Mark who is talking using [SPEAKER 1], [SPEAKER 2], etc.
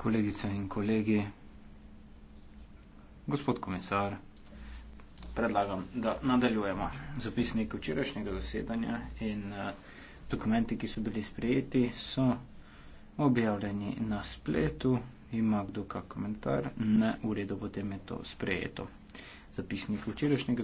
[SPEAKER 1] kolegice in kolegi, gospod komisar, predlagam, da nadaljujemo zapisnik včerajšnjega zasedanja in eh, dokumenti, ki so bili sprejeti, so objavljeni na spletu. Ima kdo kak komentar? Ne, v redu, potem je to sprejeto.
[SPEAKER 2] Zapisnik včerajšnjega